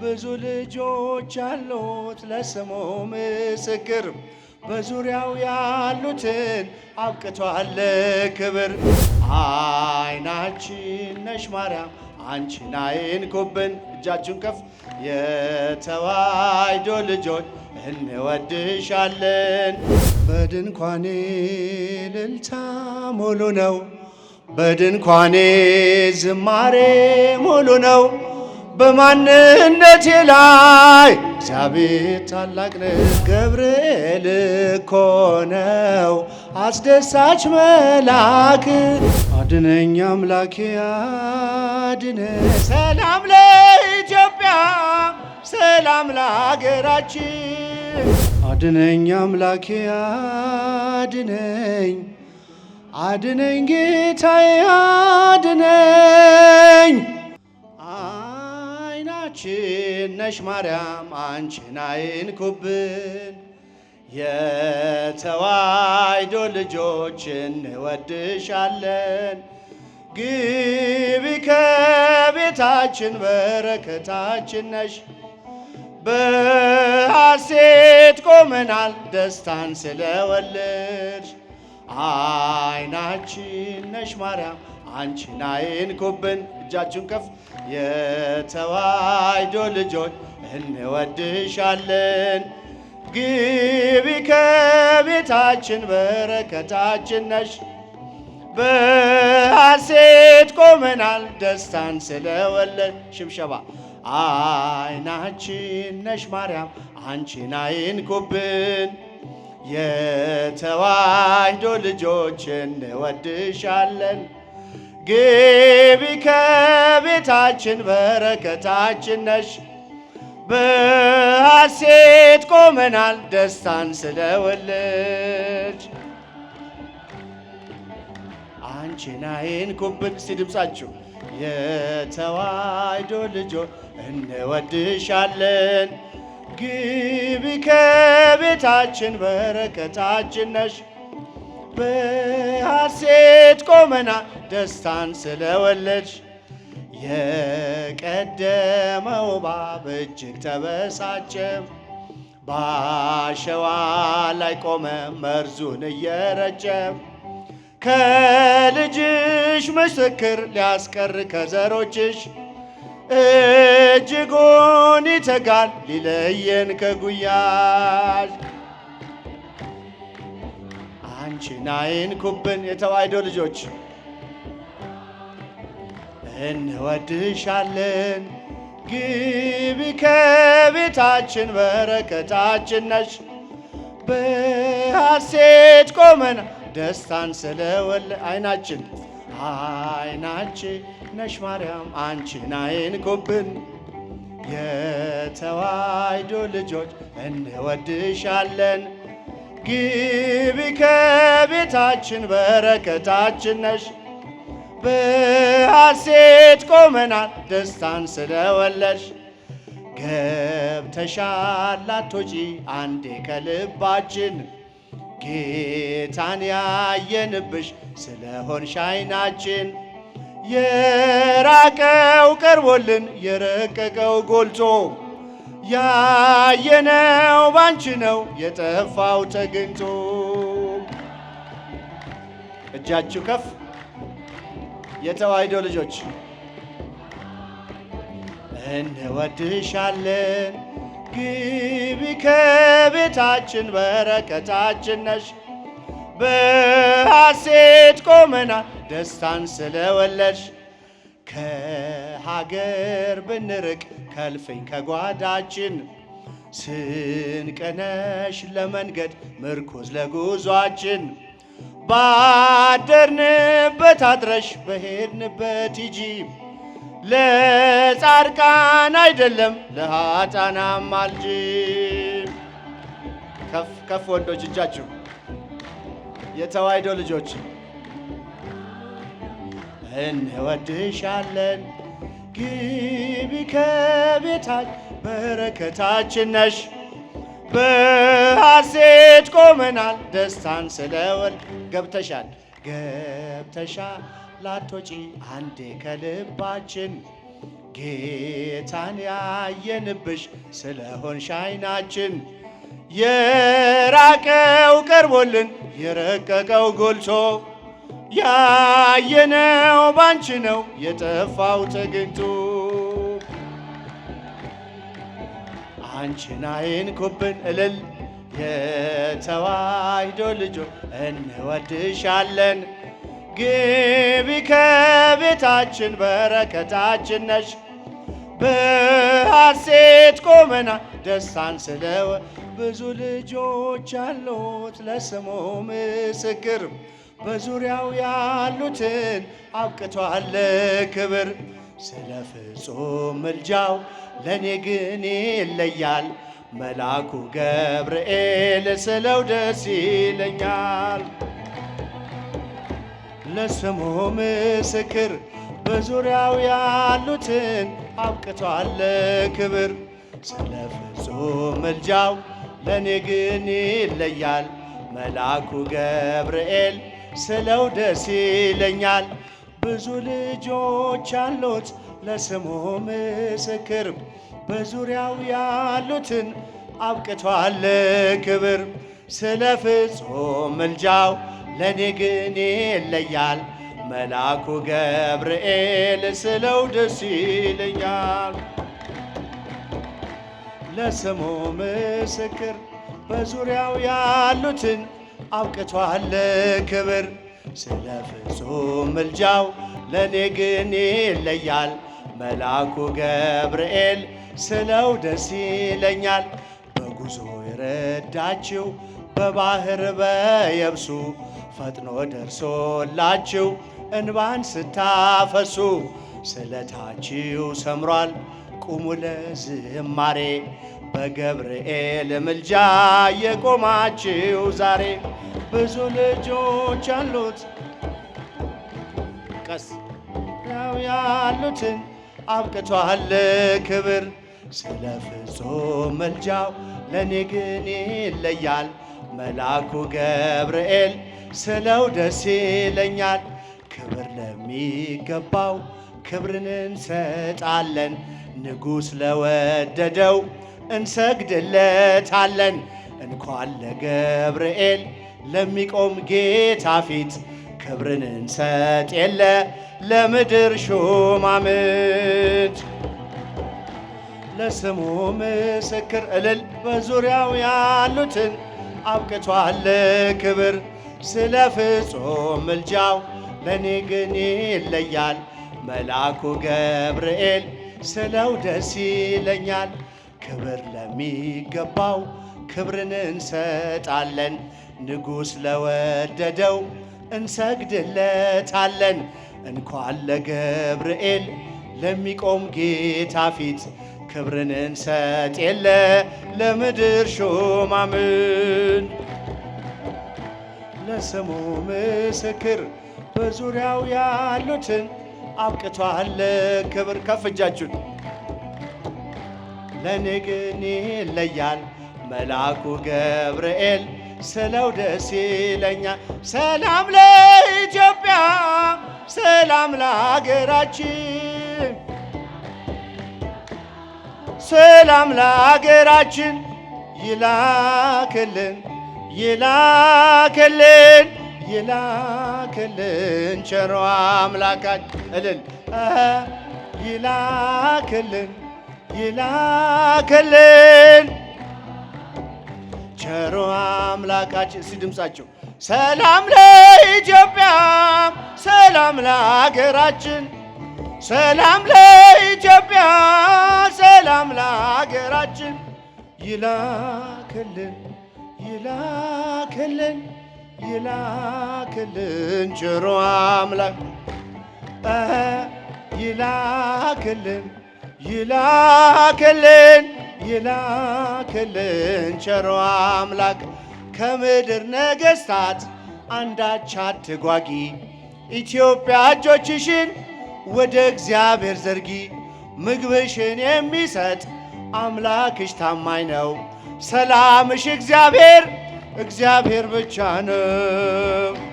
ብዙ ልጆች አሉት ለስሙ ምስክር በዙሪያው ያሉትን አብቅቷል ክብር። አይናችን ነሽ ማርያም አንቺን ኩብን እጃችሁን ከፍ የተዋይዶ ልጆች እንወድሻለን። በድንኳኔ ልልታ ሙሉ ነው። በድንኳኔ ዝማሬ ሙሉ ነው። በማንነቴ ላይ እግዚአብሔር ታላቅ ነው። ገብርኤል እኮ ነው አስደሳች መላክ አድነኝ አምላኬ አድነ። ሰላም ለኢትዮጵያ፣ ሰላም ለሀገራችን። አድነኝ አምላኬ አድነኝ አድነኝ ጌታዬ አድነኝ ነሽ ማርያም አንቺን አይንኩብን። የተዋሕዶ ልጆች እንወድሻለን። ግቢ ከቤታችን በረከታችን ነሽ። በሐሴት ቆመናል ደስታን ስለወለድሽ አይናችን ነሽ ማርያም አንቺ ኩብን እጃችሁን ከፍ የተዋይዶ ልጆች እንወድሻለን። ግቢ ከቤታችን በረከታችን ነሽ። በሐሴት ቆመናል ደስታን ስለወለድ ሽብሸባ አይናችን ነሽ ማርያም አንቺን አይንኩብን። የተዋህዶ ልጆች እንወድሻለን ግቢ ከቤታችን በረከታችን ነሽ። በሐሴት ቆመናል ደስታን ስለወለች አንቺን አይን ኩብን ሲድምጻችሁ ድምፃችሁ ልጆ እንወድሻለን ግቢ ከቤታችን በረከታችን ነሽ በሐሴት ቆመና ደስታን ስለወለድሽ የቀደመው እባብ እጅግ ተበሳጨ። በአሸዋ ላይ ቆመ መርዙን እየረጨ ከልጅሽ ምስክር ሊያስቀር ከዘሮችሽ እጅጉን ይተጋል ሊለየን ከጉያሽ አንቺን አይንኩብን የተዋሕዶ ልጆች እንወድሻለን ግቢ ከቤታችን በረከታችን ነሽ። በሐሴት ቆመን ደስታን ስለወለ አይናችን አይናችን ነሽ ማርያም አንቺን አይንኩብን የተዋሕዶ ልጆች እንወድሻለን ግቢ ከቤታችን በረከታችን ነሽ። በሐሴት ቆመናል ደስታን ስለወለሽ ገብተሻል አትወጪ አንዴ ከልባችን ጌታን ያየንብሽ ስለሆንሽ ዓይናችን የራቀው ቀርቦልን የረቀቀው ጎልቶ ያየነው ባንቺ ነው የጠፋው ተገኝቶ እጃችሁ ከፍ የተዋሕዶ ልጆች እንወድሻለን ግቢ ከቤታችን በረከታችን ነሽ በሐሴት ቆመናል ደስታን ስለወለድሽ ከሀገር ብንርቅ ከልፈኝ ከጓዳችን ስንቀነሽ ለመንገድ ምርኩዝ ለጉዟችን ባደርንበት አድረሽ በሄድንበት ይጂ ለጻድቃን አይደለም ለኃጥአንም አልጂ። ከፍ ከፍ ወንዶች እጃችሁ የተዋሕዶ ልጆች እንወድሻለን ግቢ ከቤታች በረከታችን ነሽ። በሐሴት ቆመናል ደስታን ስለወል ገብተሻል ገብተሻ ላቶጪ አንዴ ከልባችን ጌታን ያየንብሽ ስለሆን ሻይናችን የራቀው ቀርቦልን የረቀቀው ጎልቶ ያየነው ባንቺ ነው የጠፋው ተገኝቶ አንቺን ኩብን እልል የተዋሕዶ ልጆ እንወድሻለን ግቢ ከቤታችን በረከታችን ነሽ በሐሴት ቆመና ደስታን ስለ ብዙ ልጆች አሉት ለስሙ ምስክር በዙሪያው ያሉትን አብቅቷል ክብር። ስለ ፍጹም ምልጃው ለእኔ ግን ይለያል መልአኩ ገብርኤል ስለው ደስ ይለኛል። ለስሙ ምስክር በዙሪያው ያሉትን አብቅቷል ክብር። ስለ ፍጹም ምልጃው ለእኔ ግን ይለያል መልአኩ ገብርኤል ስለው ደስ ይለኛል። ብዙ ልጆች አሉት ለስሙ ምስክር በዙሪያው ያሉትን አብቅቷል ክብር። ስለ ፍጹም ምልጃው ለእኔ ግን ይለያል መልአኩ ገብርኤል ስለው ደስ ይለኛል። ለስሙ ምስክር በዙሪያው ያሉትን አብቅቷል ክብር ስለ ፍጹም ምልጃው ለእኔ ግን ይለያል መልአኩ ገብርኤል ስለው ደስ ይለኛል በጉዞ የረዳችው በባህር በየብሱ ፈጥኖ ደርሶላችሁ እንባን ስታፈሱ ስለታችው ሰምሯል ቁሙ ለዝማሬ በገብርኤል ምልጃ የቆማችው ዛሬ ብዙ ልጆች አሉት ቀስ ያው ያሉትን አብቅቷል ክብር ስለ ፍጹም ምልጃው ለእኔ ግን ይለያል መልአኩ ገብርኤል ስለው ደስ ይለኛል። ክብር ለሚገባው ክብርን እንሰጣለን ንጉሥ ለወደደው እንሰግድለታለን። እንኳን ለገብርኤል ለሚቆም ጌታ ፊት ክብርን እንሰጥ የለ ለምድር ሹማምንት ለስሙ ምስክር እልል በዙሪያው ያሉትን አብቅቷል ክብር ስለ ፍጹም ምልጃው ለእኔ ግን ይለያል መልአኩ ገብርኤል ስለው ደስ ይለኛል። ክብር ለሚገባው ክብርን እንሰጣለን። ንጉሥ ለወደደው እንሰግድለታለን። እንኳን ለገብርኤል ለሚቆም ጌታ ፊት ክብርን እንሰጥ የለ ለምድር ሹማምን ለስሙ ምስክር በዙሪያው ያሉትን አብቅቷል ክብር ከፍ እጃችሁን ለኔ ግን ይለያል መልአኩ ገብርኤል ስለው ደስ ይለኛል። ሰላም ለኢትዮጵያ፣ ሰላም ለሀገራችን፣ ሰላም ለሀገራችን ይላክልን ይላክልን ይላክልን ቸሮ አምላካችን እልል ይላክልን ይላክልን ቸሮ አምላካችን። እስቲ ድምፃቸው ሰላም ለኢትዮጵያ፣ ሰላም ለሀገራችን፣ ሰላም ለኢትዮጵያ፣ ሰላም ለሀገራችን ይላክልን ይላክልን ይላክልን ቸሮ አምላክ ይላክልን ይላክልን ይላክልን ቸሮ አምላክ ከምድር ነገስታት አንዳች አትጓጊ፣ ኢትዮጵያ እጆችሽን ወደ እግዚአብሔር ዘርጊ። ምግብሽን የሚሰጥ አምላክሽ ታማኝ ነው። ሰላምሽ እግዚአብሔር እግዚአብሔር ብቻ ነው።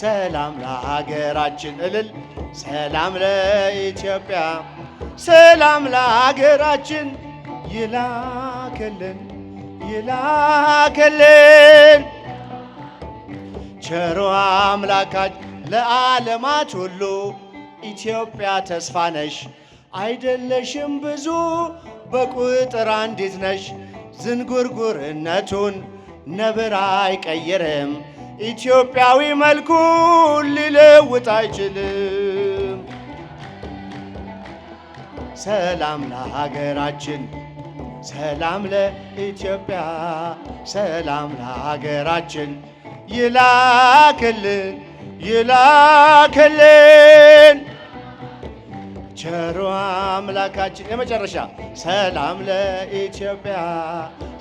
ሰላም ለሀገራችን እልል ሰላም ለኢትዮጵያ ሰላም ለሀገራችን ይላክልን ይላክልን ቸሮ አምላካች ለዓለማት ሁሉ ኢትዮጵያ ተስፋ ነሽ አይደለሽም ብዙ በቁጥር አንዲት ነሽ ዝንጉርጉርነቱን ነብር አይቀይርም። ኢትዮጵያዊ መልኩን ሊለውጥ አይችልም። ሰላም ለሀገራችን፣ ሰላም ለኢትዮጵያ፣ ሰላም ለሀገራችን ይላክልን ይላክልን ቸሩ አምላካችን የመጨረሻ ሰላም ለኢትዮጵያ፣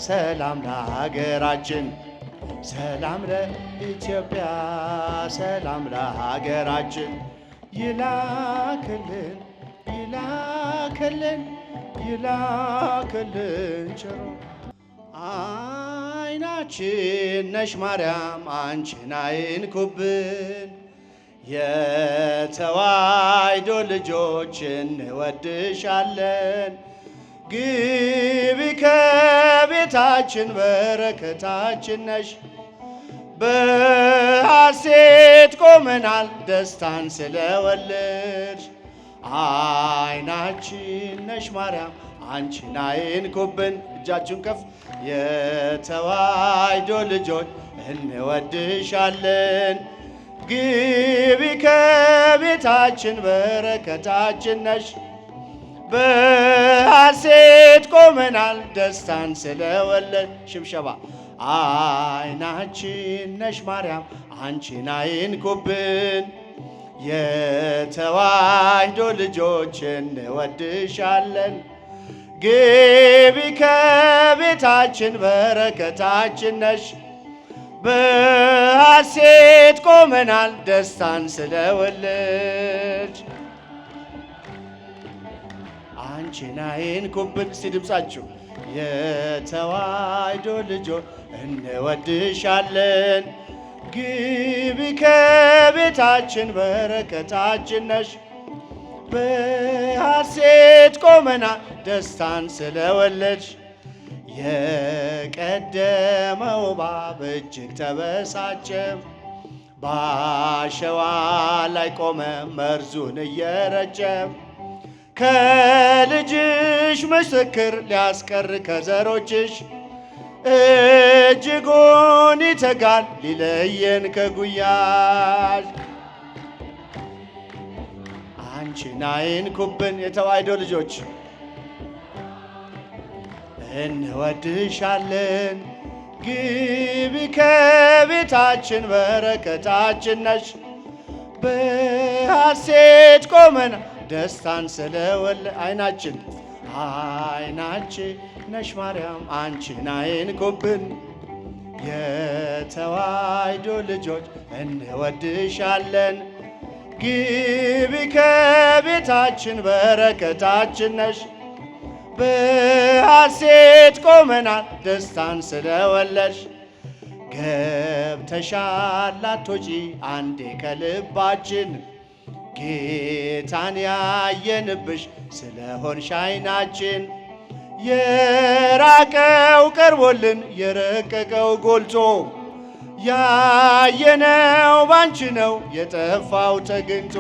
ሰላም ለሀገራችን ሰላም ለኢትዮጵያ ሰላም ለሀገራችን ይላክልን ይላክልን ይላክልን ቸሮ አይናችን ነሽ ማርያም አንቺን አይንኩብን የተዋሕዶ ልጆች እንወድሻለን ግን ታችን በረከታችን ነሽ። በሐሴት ቆመናል ደስታን ስለወለድሽ አይናችን ነሽ ማርያም አንቺን አይንኩብን። እጃችን ከፍ የተዋይዶ ልጆች እንወድሻለን። ግቢ ከቤታችን በረከታችን ነሽ በሐሴት ቆመናል ደስታን ስለወለድ ሽብሸባ አይናችን ነሽ ማርያም አንቺን አይንኩብን የተዋሕዶ ልጆች እንወድሻለን። ግቢ ከቤታችን በረከታችን ነሽ። በሐሴት ቆመናል ደስታን ስለወለድ ችናዬን ኩብል ሲድምጻችሁ የተዋሕዶ ልጆ እንወድሻለን። ግቢ ከቤታችን በረከታችን ነሽ። በሐሴት ቆመና ደስታን ስለወለድሽ የቀደመው እባብ እጅግ ተበሳጨ። በአሸዋ ላይ ቆመ መርዙን እየረጨ ከልጅሽ ምስክር ሊያስቀር ከዘሮችሽ እጅጉን ይተጋል ሊለየን ከጉያሽ አንቺን ኩብን የተዋሕዶ ልጆች እንወድሻለን ግቢ ከቤታችን በረከታችን ነሽ በሐሴት ቆመና ደስታን ስለወል አይናችን አይናች ነሽ ማርያም አንቺን ኩብን የተዋይዶ ልጆች እንወድሻለን። ግቢ ከቤታችን በረከታችን ነሽ። በሐሴት ቆመናል ደስታን ስለወለድሽ ገብተሻል አትወጪ አንዴ ከልባችን ጌታን ያየንብሽ ስለሆንሽ ዓይናችን የራቀው ቀርቦልን የረቀቀው ጎልቶ ያየነው ባንቺ ነው የጠፋው ተገኝቶ።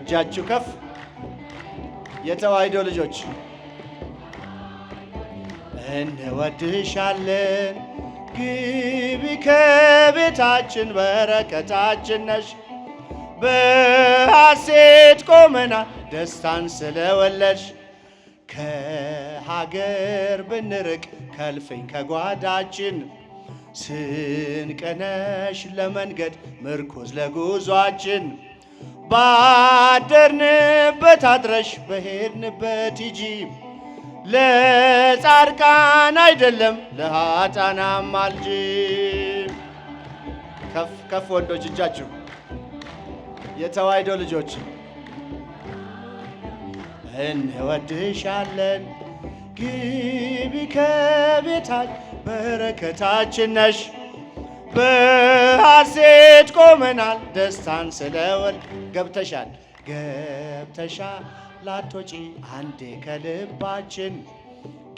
እጃችሁ ከፍ የተዋሕዶ ልጆች እንወድሻለን ግቢ ከቤታችን በረከታችን ነሽ። በሐሴት ቆመና ደስታን ስለወለድሽ ከሀገር ብንርቅ ከልፍኝ ከጓዳችን ስንቀነሽ ለመንገድ ምርኩዝ ለጉዟችን ባደርንበት አድረሽ በሄድንበት ይጂ ለጻድቃን አይደለም ለኃጥአን አማልጅ። ከፍ ከፍ ወንዶች እጃችሁ የተዋሕዶ ልጆች እንወድሻለን ግቢ ከቤታች በረከታችን ነሽ። በሐሴት ቆመናል ደስታን ስለወል ገብተሻል ገብተሻል ላትወጪ አንዴ ከልባችን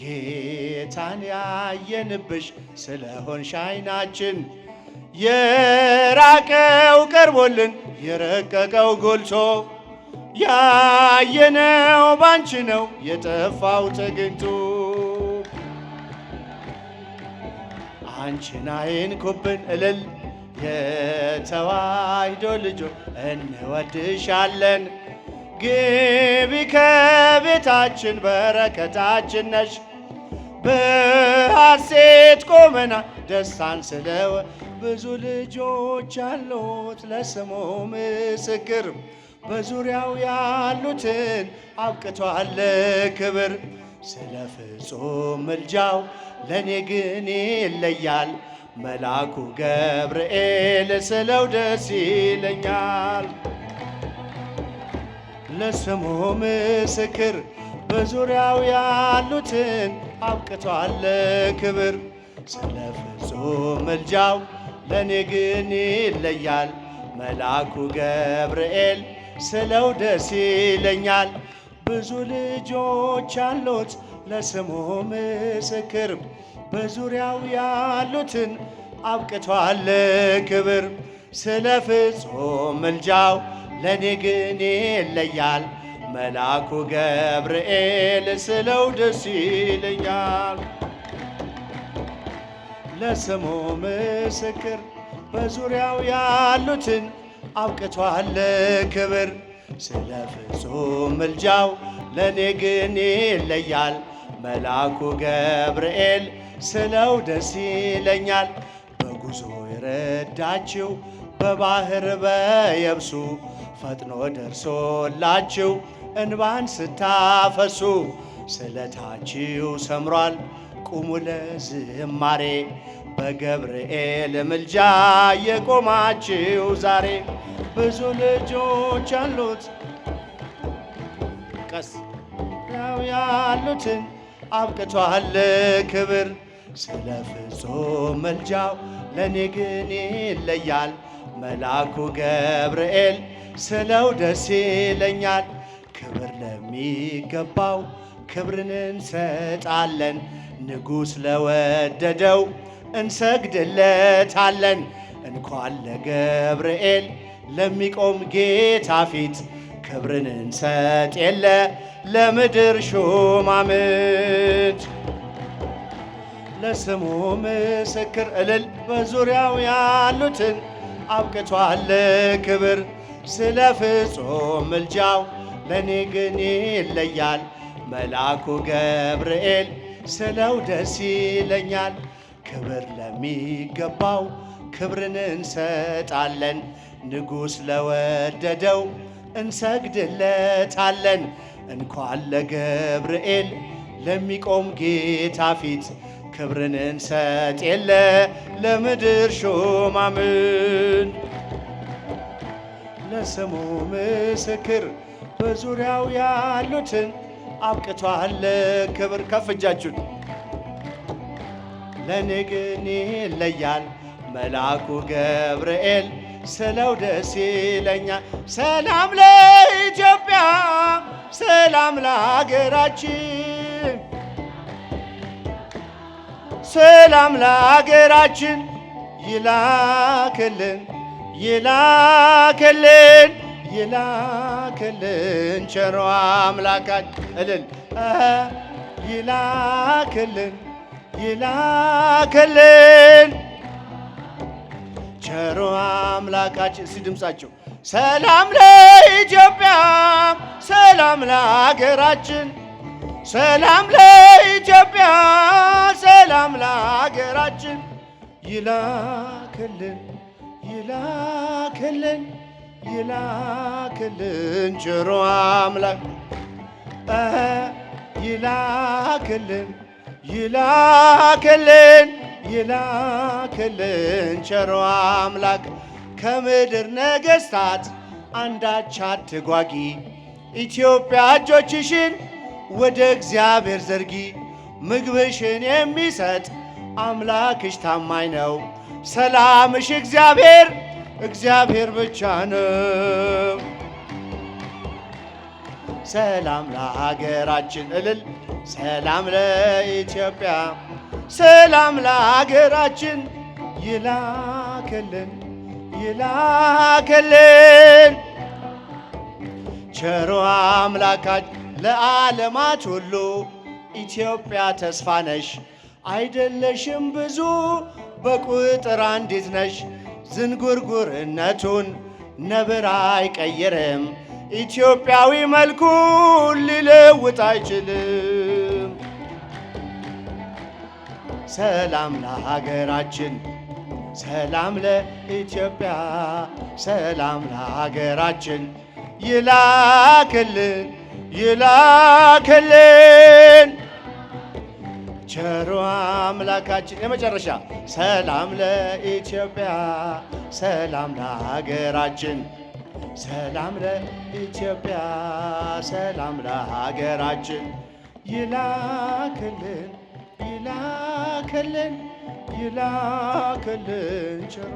ጌታን ያየንብሽ ስለሆንሽ ሻይናችን የራቀው ቀርቦልን የረቀቀው ጎልቶ ያየነው ባንቺ ነው የጠፋው ተገኝቶ አንቺን ኩብን እልል የተዋሕዶ ልጆ እንወድሻለን። ግቢ ከቤታችን በረከታችን ነሽ። በሐሴት ቆመና ደስታን ስለው ብዙ ልጆች ያሉት ለስሙ ምስክር በዙሪያው ያሉትን አብቅቷል ክብር። ስለ ፍጹም ምልጃው ለእኔ ግን ይለያል መልአኩ ገብርኤል ስለው ደስ ይለኛል። ለስሙ ምስክር በዙሪያው ያሉትን አብቅቷል ክብር ስለ ፍጹም ምልጃው ለእኔ ግን ይለያል መልአኩ ገብርኤል ስለው ደስ ይለኛል ብዙ ልጆች አሉት ለስሙ ምስክር በዙሪያው ያሉትን አብቅቷል ክብር ስለ ፍጹም ምልጃው ለኔ ግን ይለያል መልአኩ ገብርኤል ስለው ደስ ይለኛል። ለስሙ ምስክር በዙሪያው ያሉትን አብቅቷል ክብር ስለ ፍጹም ምልጃው ለእኔ ግን ይለያል መልአኩ ገብርኤል ስለው ደስ ይለኛል። በጉዞ የረዳችው በባህር በየብሱ ፈጥኖ ደርሶላችሁ እንባን ስታፈሱ ስለታችሁ ሰምሯል። ቁሙ ለዝማሬ በገብርኤል ምልጃ የቆማችሁ ዛሬ ብዙ ልጆች አሉት ቀስ ያው ያሉትን አብቅቷል ክብር ስለ ፍጹም ምልጃው ለእኔ ግን ይለያል መልአኩ ገብርኤል ስለው ደስ ይለኛል። ክብር ለሚገባው ክብርን እንሰጣለን። ንጉሥ ለወደደው እንሰግድለታለን። እንኳን ለገብርኤል ለሚቆም ጌታ ፊት ክብርን እንሰጥ የለ ለምድር ሹማምንት ለስሙ ምስክር እልል በዙሪያው ያሉትን አብቅቷል ክብር ስለ ፍጹም ምልጃው ለኔ ግን ይለያል። መልአኩ ገብርኤል ስለው ደስ ይለኛል። ክብር ለሚገባው ክብርን እንሰጣለን። ንጉሥ ለወደደው እንሰግድለታለን። እንኳን ለገብርኤል ለሚቆም ጌታ ፊት ክብርን እንሰጥ የለ ለምድር ሹማምን ለስሙ ምስክር በዙሪያው ያሉትን አብቅቷል ክብር ከፍ እጃችሁን። ግን ይለያል መልአኩ ገብርኤል ስለው ደስ ይለኛል። ሰላም ለኢትዮጵያ፣ ሰላም ለሀገራችን፣ ሰላም ለሀገራችን ይላክልን ይላክልን ይላክልን ቸሮ አምላካችን እልል ይላክልን ይላክልን ቸሮ አምላካችን እስቲ ድምፃቸው ሰላም ለኢትዮጵያ ሰላም ለሀገራችን ሰላም ለኢትዮጵያ ሰላም ለሀገራችን ይላክልን ይላክልን ይላክልን ቸሩ አምላክ ይላክልን ይላክልን ይላክልን ቸሩ አምላክ ከምድር ነገሥታት አንዳች አትጓጊ፣ ኢትዮጵያ እጆችሽን ወደ እግዚአብሔር ዘርጊ ምግብሽን የሚሰጥ አምላክሽ ታማኝ ነው። ሰላምሽ እግዚአብሔር እግዚአብሔር ብቻ ነው። ሰላም ለሀገራችን እልል ሰላም ለኢትዮጵያ ሰላም ለሀገራችን ይላክልን ይላክልን ቸሮ አምላካች ለዓለማት ሁሉ ኢትዮጵያ ተስፋ ነሽ። አይደለሽም ብዙ በቁጥር አንዲት ነሽ። ዝንጉርጉርነቱን ነብር አይቀይርም። ኢትዮጵያዊ መልኩን ሊለውጥ አይችልም። ሰላም ለሀገራችን፣ ሰላም ለኢትዮጵያ፣ ሰላም ለሀገራችን ይላክልን ይላክልን ቸሮ አምላካችን የመጨረሻ ሰላም ለኢትዮጵያ፣ ሰላም ለሀገራችን፣ ሰላም ለኢትዮጵያ፣ ሰላም ለሀገራችን ይላክልን ይላክልን ይላክልን ቸሮ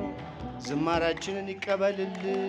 ዝማሪያችንን ይቀበልልን።